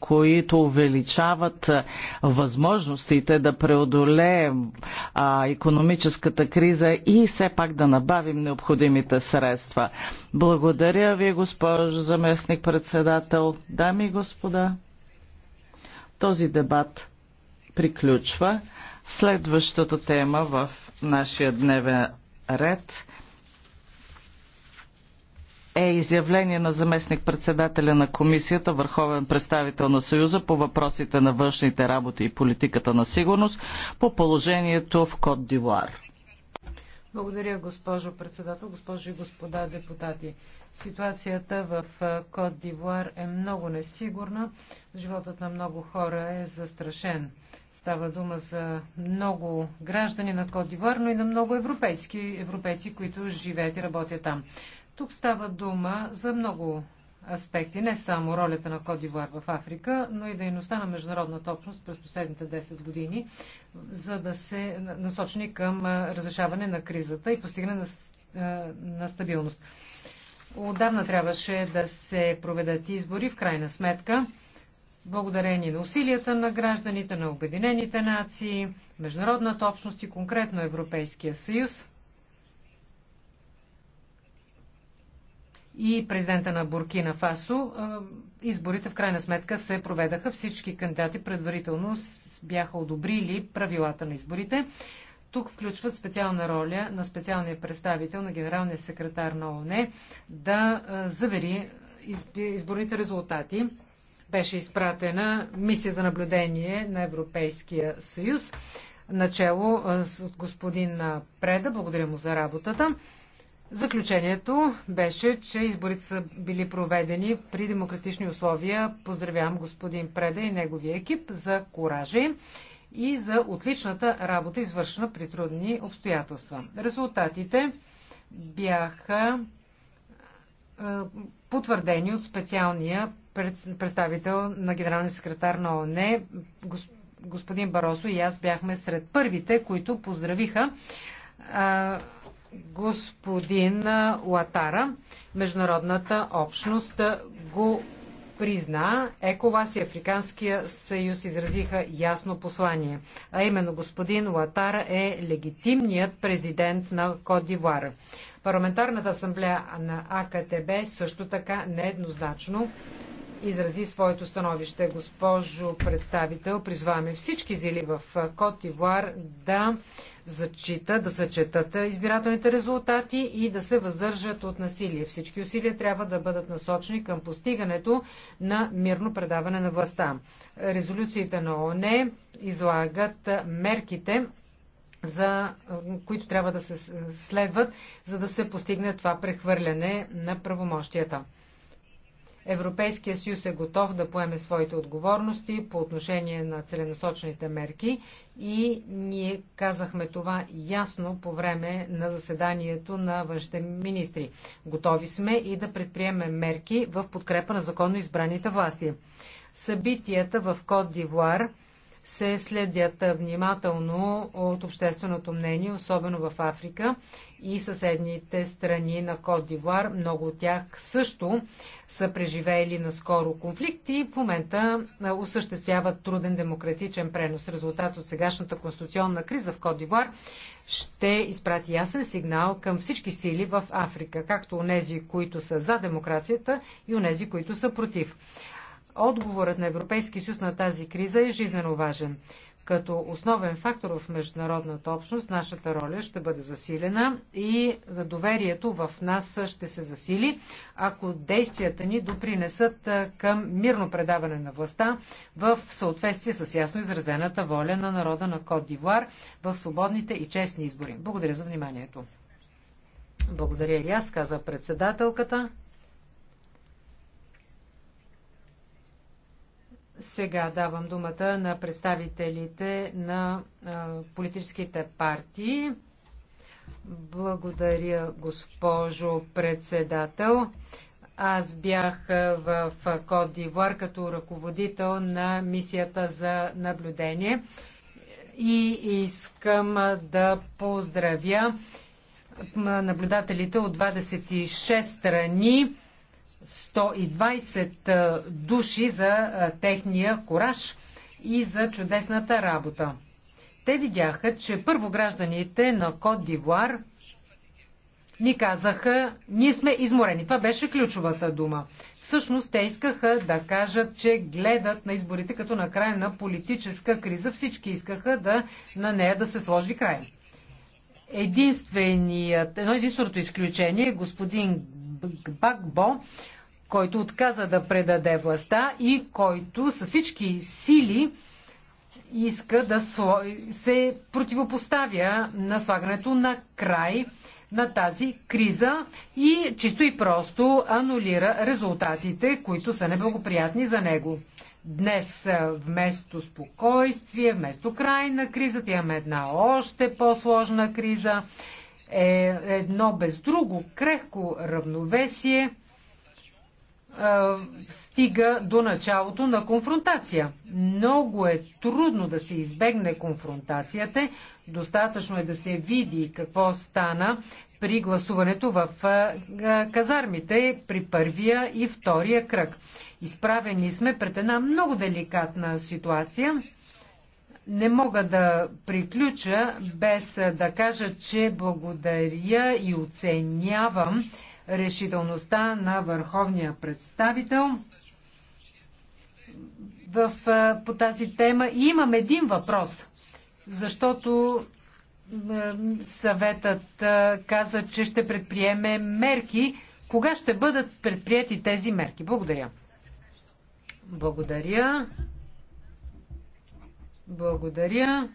които увеличават възможностите да преодолеем а, економическата криза и все пак да набавим необходимите средства. Благодаря ви, госпожо заместник председател. Дами и господа, този дебат приключва. Следващата тема в нашия дневен ред е изявление на заместник-председателя на комисията, върховен представител на Съюза по въпросите на външните работи и политиката на сигурност по положението в Кот Дивуар. Благодаря, госпожо председател, госпожи и господа депутати. Ситуацията в Кот Дивуар е много несигурна. Животът на много хора е застрашен. Става дума за много граждани на Кот Дивуар, но и на много европейски, европейци, които живеят и работят там. Тук става дума за много аспекти, не само ролята на Кодивуар в Африка, но и дейността на международната общност през последните 10 години, за да се насочни към разрешаване на кризата и постигане на, на стабилност. Отдавна трябваше да се проведат избори, в крайна сметка, благодарение на усилията на гражданите, на Обединените нации, международната общност и конкретно Европейския съюз – и президента на Буркина Фасо. Изборите в крайна сметка се проведаха. Всички кандидати предварително бяха одобрили правилата на изборите. Тук включват специална роля на специалния представител на генералния секретар на ОНЕ да завери изборните резултати. Беше изпратена мисия за наблюдение на Европейския съюз, начало с господин Преда. Благодаря му за работата. Заключението беше, че изборите са били проведени при демократични условия. Поздравявам господин Преда и неговия екип за коража им и за отличната работа, извършена при трудни обстоятелства. Резултатите бяха потвърдени от специалния представител на генералния секретар на ООН, господин Баросо и аз бяхме сред първите, които поздравиха господин Латара. Международната общност го призна. ЕКОВАС и Африканския съюз изразиха ясно послание. А именно господин Латара е легитимният президент на Кот Парламентарната асамблея на АКТБ също така нееднозначно изрази своето становище. Госпожо представител, призваваме всички зели в Кот Ивуар да зачита, да съчетат избирателните резултати и да се въздържат от насилие. Всички усилия трябва да бъдат насочени към постигането на мирно предаване на властта. Резолюциите на ОНЕ излагат мерките, за които трябва да се следват, за да се постигне това прехвърляне на правомощията. Европейския съюз е готов да поеме своите отговорности по отношение на целенасочените мерки и ние казахме това ясно по време на заседанието на външните министри. Готови сме и да предприемем мерки в подкрепа на законно избраните власти. Събитията в Кот Дивуар – се следят внимателно от общественото мнение, особено в Африка и съседните страни на Кот Дивуар. Много от тях също са преживели наскоро конфликт и в момента осъществяват труден демократичен пренос. Резултат от сегашната конституционна криза в Кот Дивуар ще изпрати ясен сигнал към всички сили в Африка, както онези, които са за демокрацията и нези, които са против. Отговорът на Европейския съюз на тази криза е жизнено важен. Като основен фактор в международната общност, нашата роля ще бъде засилена и доверието в нас ще се засили, ако действията ни допринесат към мирно предаване на властта в съответствие с ясно изразената воля на народа на Кот Дивуар в свободните и честни избори. Благодаря за вниманието. Благодаря и аз, каза председателката. Сега давам думата на представителите на политическите партии. Благодаря, госпожо председател. Аз бях в Код Дивуар като ръководител на мисията за наблюдение и искам да поздравя наблюдателите от 26 страни 120 души за техния кораж и за чудесната работа. Те видяха, че първо гражданите на Кот Дивуар ни казаха, ние сме изморени. Това беше ключовата дума. Всъщност те искаха да кажат, че гледат на изборите като на край на политическа криза. Всички искаха да, на нея да се сложи край. Единственият, едно единственото изключение е господин Багбо, който отказа да предаде властта и който със всички сили иска да се противопоставя на слагането на край на тази криза и чисто и просто анулира резултатите, които са неблагоприятни за него. Днес вместо спокойствие, вместо край на кризата имаме една още по-сложна криза е едно без друго крехко равновесие е, стига до началото на конфронтация. Много е трудно да се избегне конфронтацията. Достатъчно е да се види какво стана при гласуването в е, е, казармите при първия и втория кръг. Изправени сме пред една много деликатна ситуация не мога да приключа без да кажа, че благодаря и оценявам решителността на върховния представител в, по тази тема. И имам един въпрос, защото съветът каза, че ще предприеме мерки. Кога ще бъдат предприяти тези мерки? Благодаря. Благодаря. Благодаря.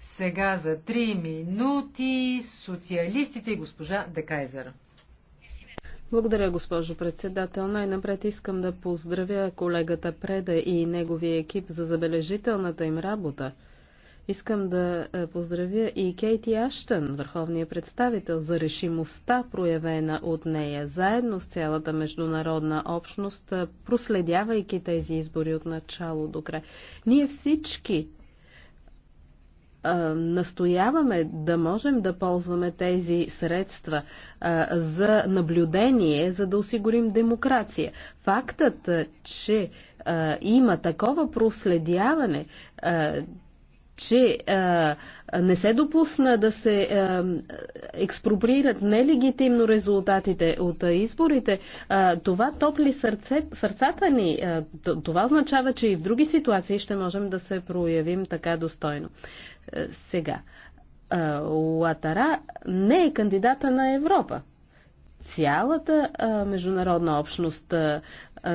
Сега за три минути социалистите и госпожа Декайзера. Благодаря, госпожо председател. Най-напред искам да поздравя колегата Преда и неговия екип за забележителната им работа. Искам да е, поздравя и Кейти Аштън, върховния представител, за решимостта, проявена от нея, заедно с цялата международна общност, е, проследявайки тези избори от начало до край. Ние всички настояваме да можем да ползваме тези средства за наблюдение, за да осигурим демокрация. Фактът, че има такова проследяване, че а, не се допусна да се а, експроприират нелегитимно резултатите от а, изборите, а, това топли сърце, сърцата ни. А, това означава, че и в други ситуации ще можем да се проявим така достойно. Е, сега, Латара не е кандидата на Европа. Цялата международна общност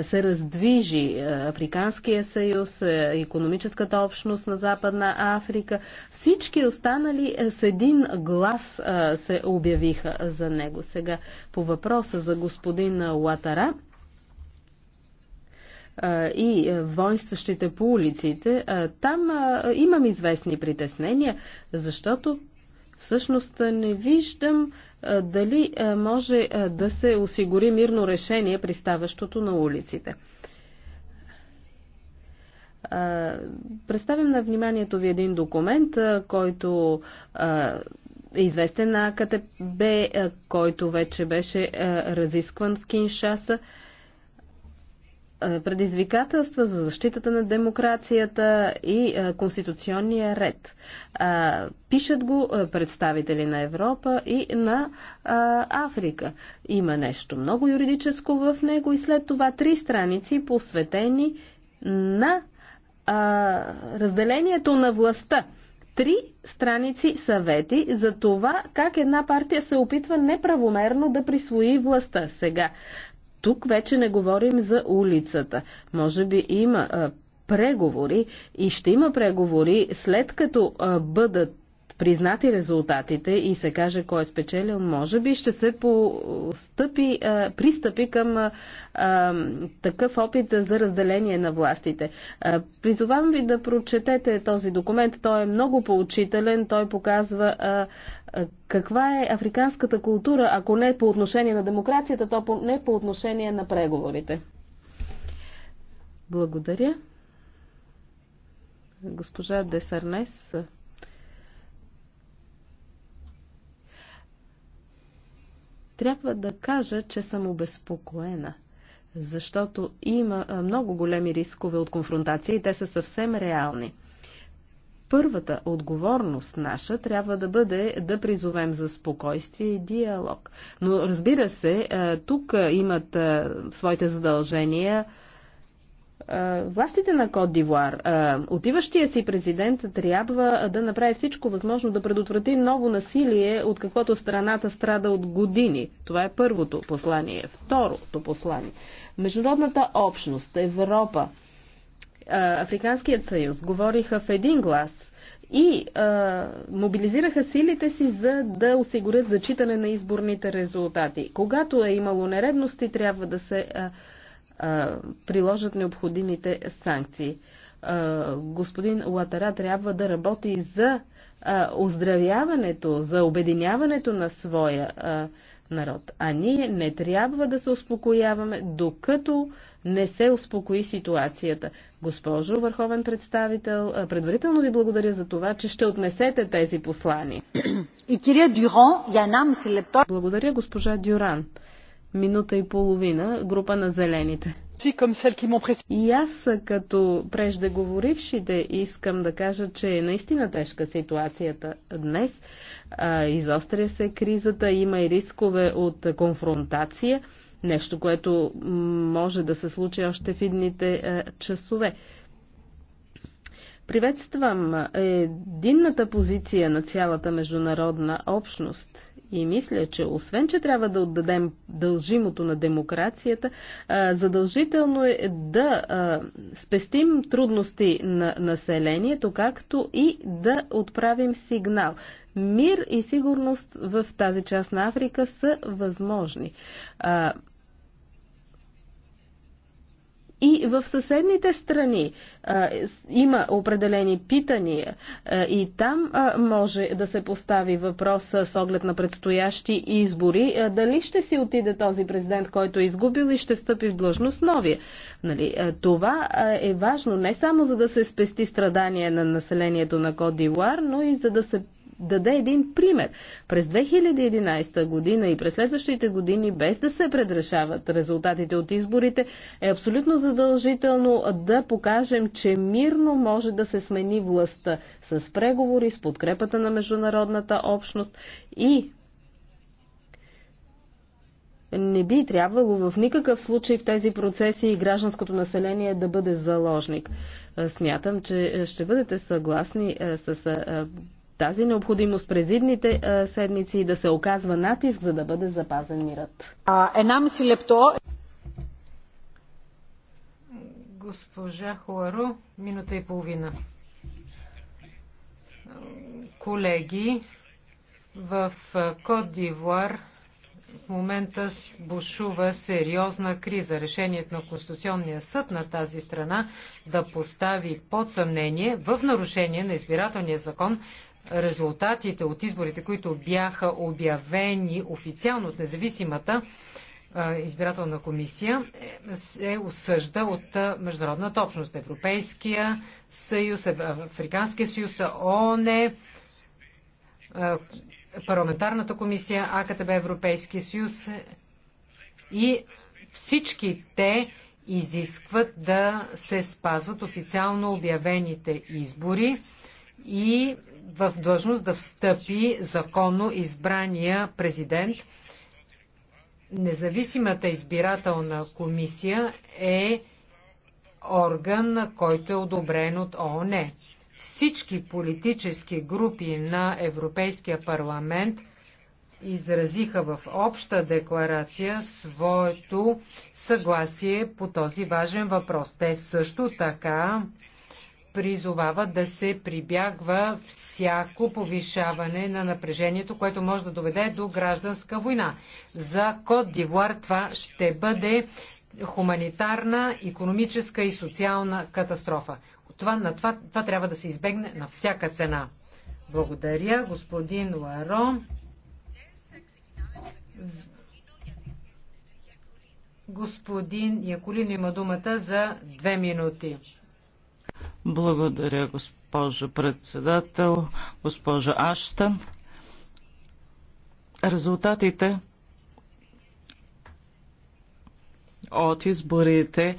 се раздвижи. Африканския съюз, економическата общност на Западна Африка, всички останали с един глас се обявиха за него. Сега по въпроса за господин Латара и воинстващите по улиците, там имам известни притеснения, защото всъщност не виждам дали може да се осигури мирно решение при ставащото на улиците. Представям на вниманието ви един документ, който е известен на АКТБ, който вече беше разискван в Киншаса. Е, предизвикателства за защитата на демокрацията и е, конституционния ред. Е, пишат го представители на Европа и на Африка. Има нещо много юридическо в него и след това три страници посветени на разделението на властта три страници съвети за това как една партия се опитва неправомерно да присвои властта. Сега тук вече не говорим за улицата. Може би има преговори и ще има преговори след като бъдат признати резултатите и се каже кой е спечелил, може би ще се постъпи, а, пристъпи към а, а, такъв опит за разделение на властите. А, призовам ви да прочетете този документ. Той е много поучителен. Той показва а, а, каква е африканската култура, ако не по отношение на демокрацията, то по, не по отношение на преговорите. Благодаря. Госпожа Десарнес. Трябва да кажа, че съм обезпокоена, защото има много големи рискове от конфронтация и те са съвсем реални. Първата отговорност наша трябва да бъде да призовем за спокойствие и диалог. Но разбира се, тук имат своите задължения властите на Кот Дивуар, отиващия си президент трябва да направи всичко възможно да предотврати ново насилие, от каквото страната страда от години. Това е първото послание. Второто послание. Международната общност, Европа, Африканският съюз говориха в един глас и а, мобилизираха силите си за да осигурят зачитане на изборните резултати. Когато е имало нередности, трябва да се а, приложат необходимите санкции. Господин Латара трябва да работи за оздравяването, за обединяването на своя народ. А ние не трябва да се успокояваме, докато не се успокои ситуацията. Госпожо Върховен представител, предварително ви благодаря за това, че ще отнесете тези послания. И кирия Дюран, я нам Благодаря, госпожа Дюран минута и половина, група на зелените. И аз, като преждеговорившите, искам да кажа, че е наистина тежка ситуацията днес. Изостря се кризата, има и рискове от конфронтация, нещо, което може да се случи още в идните часове. Приветствам единната позиция на цялата международна общност – и мисля, че освен, че трябва да отдадем дължимото на демокрацията, задължително е да спестим трудности на населението, както и да отправим сигнал. Мир и сигурност в тази част на Африка са възможни. И в съседните страни а, има определени питания а, и там а, може да се постави въпрос с оглед на предстоящи избори. А, дали ще си отиде този президент, който е изгубил и ще встъпи в длъжност новия? Нали, а, това а, е важно не само за да се спести страдания на населението на Кодивуар, но и за да се даде един пример. През 2011 година и през следващите години, без да се предрешават резултатите от изборите, е абсолютно задължително да покажем, че мирно може да се смени властта с преговори, с подкрепата на международната общност и не би трябвало в никакъв случай в тези процеси и гражданското население да бъде заложник. Е, смятам, че ще бъдете съгласни е, с е, тази необходимост през идните а, седмици да се оказва натиск, за да бъде запазен мирът. Една си лепто. Госпожа Хуаро, минута и половина. Колеги, в Кот Дивуар в момента бушува сериозна криза. Решението на Конституционния съд на тази страна да постави под съмнение в нарушение на избирателния закон резултатите от изборите, които бяха обявени официално от независимата избирателна комисия, се е осъжда от международната общност. Европейския съюз, Африканския съюз, ООН, парламентарната комисия, АКТБ Европейския съюз и всички те изискват да се спазват официално обявените избори и в длъжност да встъпи законно избрания президент. Независимата избирателна комисия е орган, който е одобрен от ООН. Всички политически групи на Европейския парламент изразиха в обща декларация своето съгласие по този важен въпрос. Те също така призовава да се прибягва всяко повишаване на напрежението, което може да доведе до гражданска война. За Кот Дивуар това ще бъде хуманитарна, економическа и социална катастрофа. Това, на това, това трябва да се избегне на всяка цена. Благодаря, господин Ларо. Господин Якулин има думата за две минути. Благодаря, госпожо председател, госпожо Аштън. Резултатите от изборите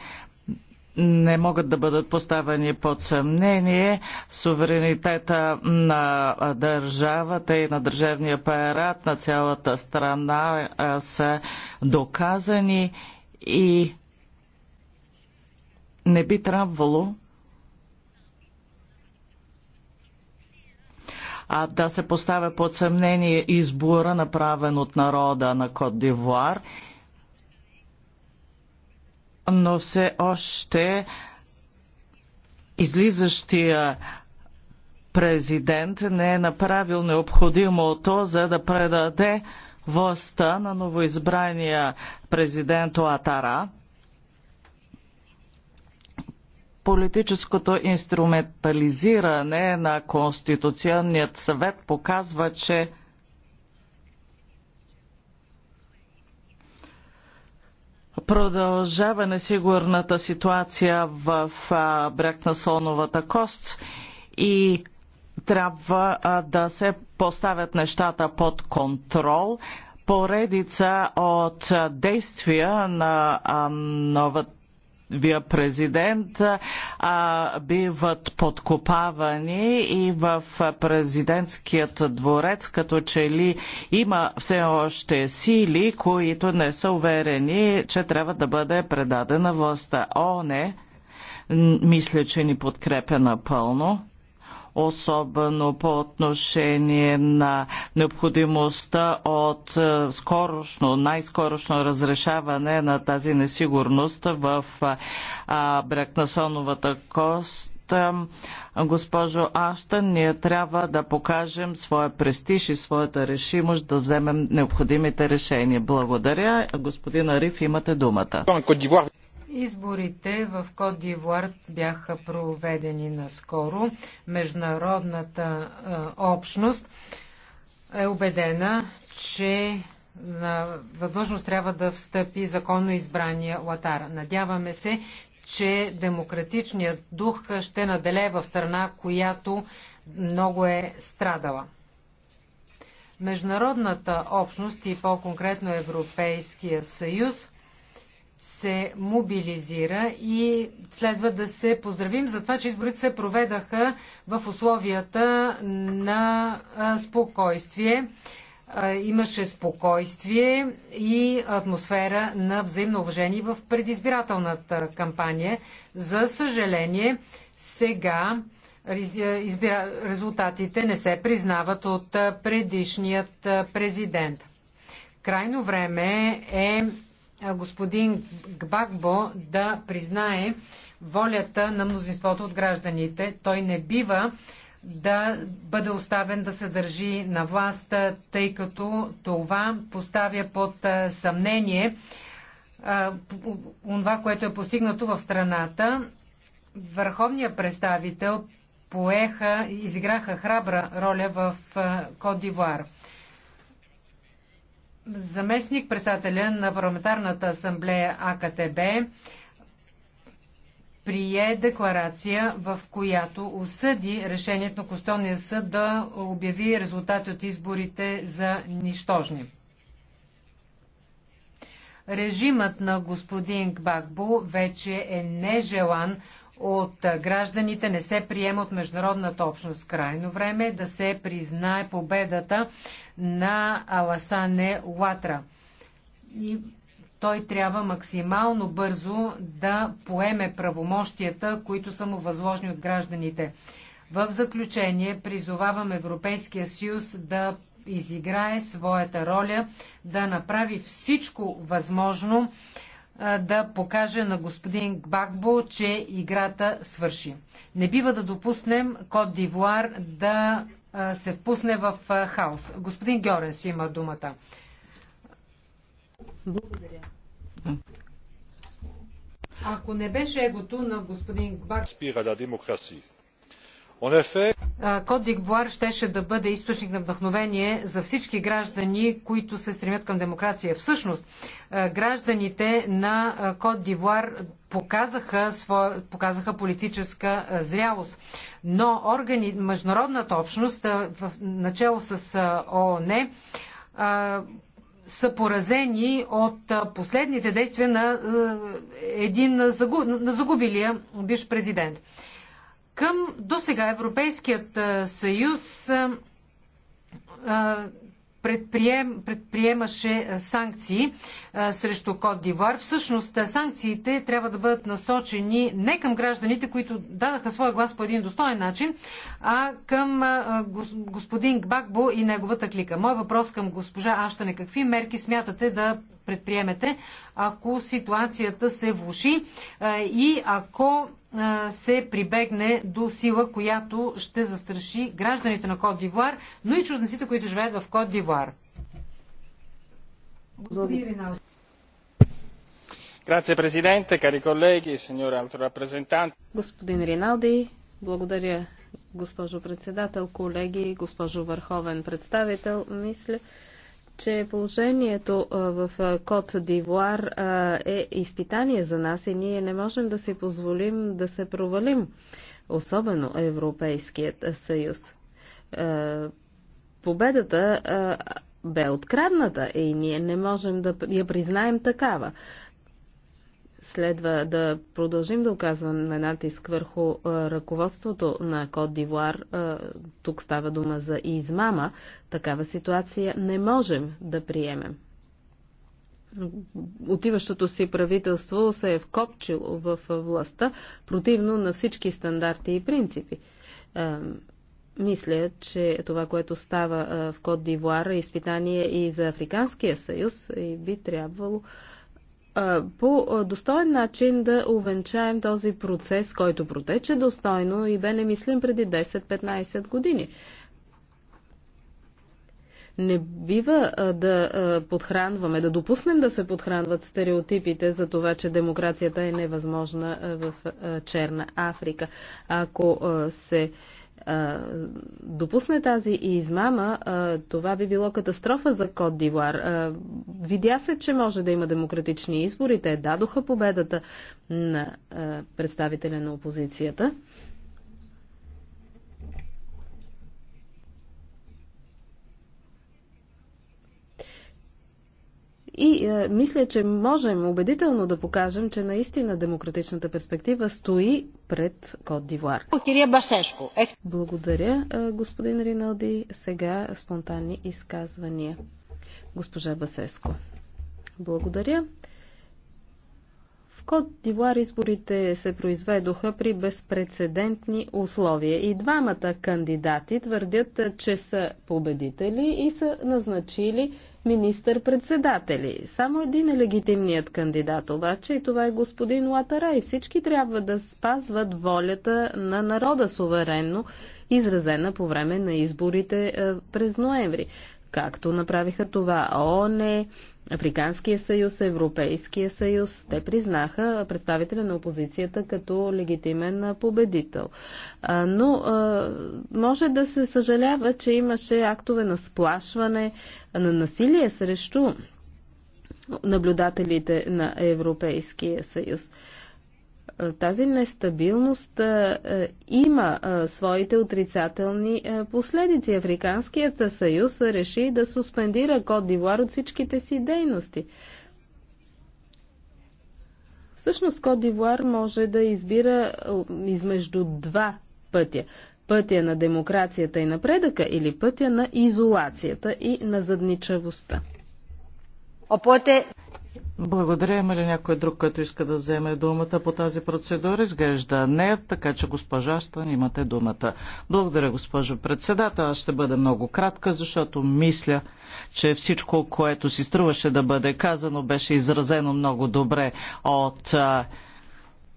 не могат да бъдат поставени под съмнение суверенитета на държавата и на държавния парад на цялата страна са доказани и не би трябвало а да се поставя под съмнение избора, направен от народа на Кот Дивуар, но все още излизащия президент не е направил необходимото, за да предаде властта на новоизбрания президент Оатара – политическото инструментализиране на Конституционният съвет показва, че продължава несигурната ситуация в бряг на Солновата кост и трябва да се поставят нещата под контрол. Поредица от действия на новата новия президент а, биват подкопавани и в президентският дворец като че ли има все още сили, които не са уверени, че трябва да бъде предадена властта. О, не! Мисля, че ни подкрепя напълно особено по отношение на необходимостта от е, скорошно, най-скорошно разрешаване на тази несигурност в е, бракнасоновата кост госпожо Аштън, ние трябва да покажем своя престиж и своята решимост да вземем необходимите решения. Благодаря. Господин Ариф, имате думата. Изборите в Кот Дивуар бяха проведени наскоро. Международната общност е убедена, че на възможност трябва да встъпи законно избрания Латара. Надяваме се, че демократичният дух ще наделее в страна, която много е страдала. Международната общност и по-конкретно Европейския съюз се мобилизира и следва да се поздравим за това, че изборите се проведаха в условията на спокойствие. Имаше спокойствие и атмосфера на взаимно уважение в предизбирателната кампания. За съжаление, сега резултатите не се признават от предишният президент. Крайно време е господин Гбагбо да признае волята на мнозинството от гражданите. Той не бива да бъде оставен да се държи на власт, тъй като това поставя под съмнение това, което е постигнато в страната. Върховният представител поеха, изиграха храбра роля в Кодивуар заместник председателя на парламентарната асамблея АКТБ прие декларация, в която осъди решението на Конституционния съд да обяви резултати от изборите за нищожни. Режимът на господин Гбагбо вече е нежелан от гражданите не се приема от международната общност. Крайно време е да се признае победата на Аласане Латра. И той трябва максимално бързо да поеме правомощията, които са му възложени от гражданите. В заключение призовавам Европейския съюз да изиграе своята роля, да направи всичко възможно, да покаже на господин Гбагбо, че играта свърши. Не бива да допуснем Кот Дивуар да се впусне в хаос. Господин Георенс има думата. Благодаря. Ако не беше егото на господин Гбагбо... Спира да демокрация. Кот Дигбуар щеше да бъде източник на вдъхновение за всички граждани, които се стремят към демокрация. Всъщност, гражданите на Кот Дивуар показаха, своя, показаха политическа зрялост. Но органи, международната общност, в начало с ООН, са поразени от последните действия на един на загубилия биш президент. Към до сега Европейският съюз предприем, предприемаше санкции срещу Кот Дивуар. Всъщност санкциите трябва да бъдат насочени не към гражданите, които дадаха своя глас по един достоен начин, а към господин Гбагбо и неговата клика. Мой въпрос към госпожа Аштане. Какви мерки смятате да предприемете, ако ситуацията се влуши и ако се прибегне до сила, която ще застраши гражданите на Кот Дивуар, но и чужденците, които живеят в Кот Дивуар. Господин Ринал. Господин Риналди, благодаря, госпожо председател, колеги, госпожо върховен представител. Мисля, че положението в Кот Дивуар е изпитание за нас и ние не можем да си позволим да се провалим, особено Европейският съюз. Победата бе открадната и ние не можем да я признаем такава. Следва да продължим да оказваме натиск върху ръководството на Код Дивуар. Тук става дума за измама. Такава ситуация не можем да приемем. Отиващото си правителство се е вкопчило в властта, противно на всички стандарти и принципи мисля, че това, което става в Кот Дивуар е изпитание и за Африканския съюз и би трябвало по достоен начин да увенчаем този процес, който протече достойно и бе немислим преди 10-15 години. Не бива да подхранваме, да допуснем да се подхранват стереотипите за това, че демокрацията е невъзможна в Черна Африка. Ако се допусне тази измама, това би било катастрофа за Кот Дивуар. Видя се, че може да има демократични избори. Те дадоха победата на представителя на опозицията. И е, мисля, че можем убедително да покажем, че наистина демократичната перспектива стои пред Кот Дивуар. Благодаря, е, господин Риналди. Сега спонтанни изказвания. Госпожа Басеско. Благодаря. В Кот Дивуар изборите се произведоха при безпредседентни условия и двамата кандидати твърдят, е, че са победители и са назначили министър-председатели. Само един е легитимният кандидат обаче и това е господин Латара и всички трябва да спазват волята на народа суверенно, изразена по време на изборите е, през ноември както направиха това ООН, Африканския съюз, Европейския съюз. Те признаха представителя на опозицията като легитимен победител. Но може да се съжалява, че имаше актове на сплашване, на насилие срещу наблюдателите на Европейския съюз. Е, тази нестабилност е, е, има своите отрицателни последици. Африканският съюз реши да суспендира Код Дивуар от всичките си дейности. Всъщност Код Дивуар може да избира измежду два пътя. Пътя на демокрацията и напредъка или пътя на изолацията и на задничавостта. Благодаря. Има ли някой друг, който иска да вземе думата по тази процедура? Изглежда не, така че госпожа Штан имате думата. Благодаря, госпожо председател. Аз ще бъда много кратка, защото мисля, че всичко, което си струваше да бъде казано, беше изразено много добре от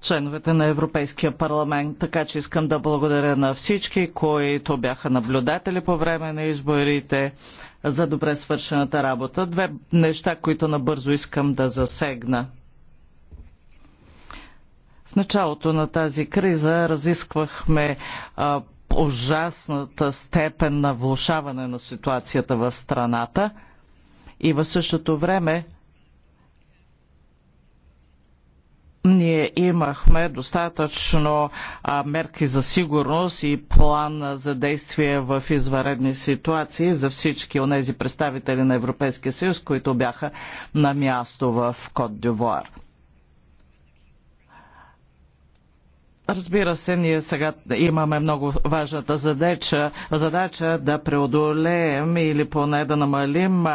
членовете на Европейския парламент. Така че искам да благодаря на всички, които бяха наблюдатели по време на изборите за добре свършената работа. Две неща, които набързо искам да засегна. В началото на тази криза разисквахме а, ужасната степен на влушаване на ситуацията в страната и в същото време ние имахме достатъчно а, мерки за сигурност и план за действие в изваредни ситуации за всички онези представители на Европейския съюз, които бяха на място в Кот Дювуар. Разбира се, ние сега имаме много важната задача, задача да преодолеем или поне да намалим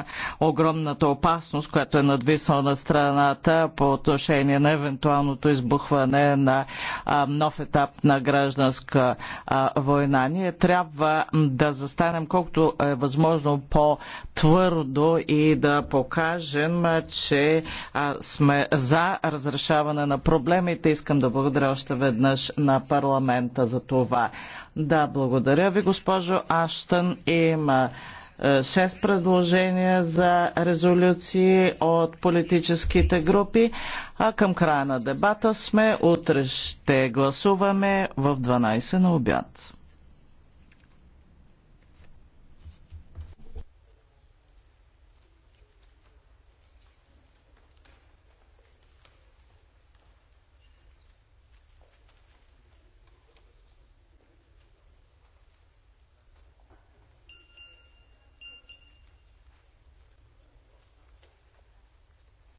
огромната опасност, която е надвиснала на страната по отношение на евентуалното избухване на а, нов етап на гражданска а, война. Ние трябва да застанем колкото е възможно по-твърдо и да покажем, че а, сме за разрешаване на проблемите. Искам да благодаря още веднъж веднъж на парламента за това. Да, благодаря ви, госпожо Аштън. Има е, шест предложения за резолюции от политическите групи, а към края на дебата сме. Утре ще гласуваме в 12 на обяд.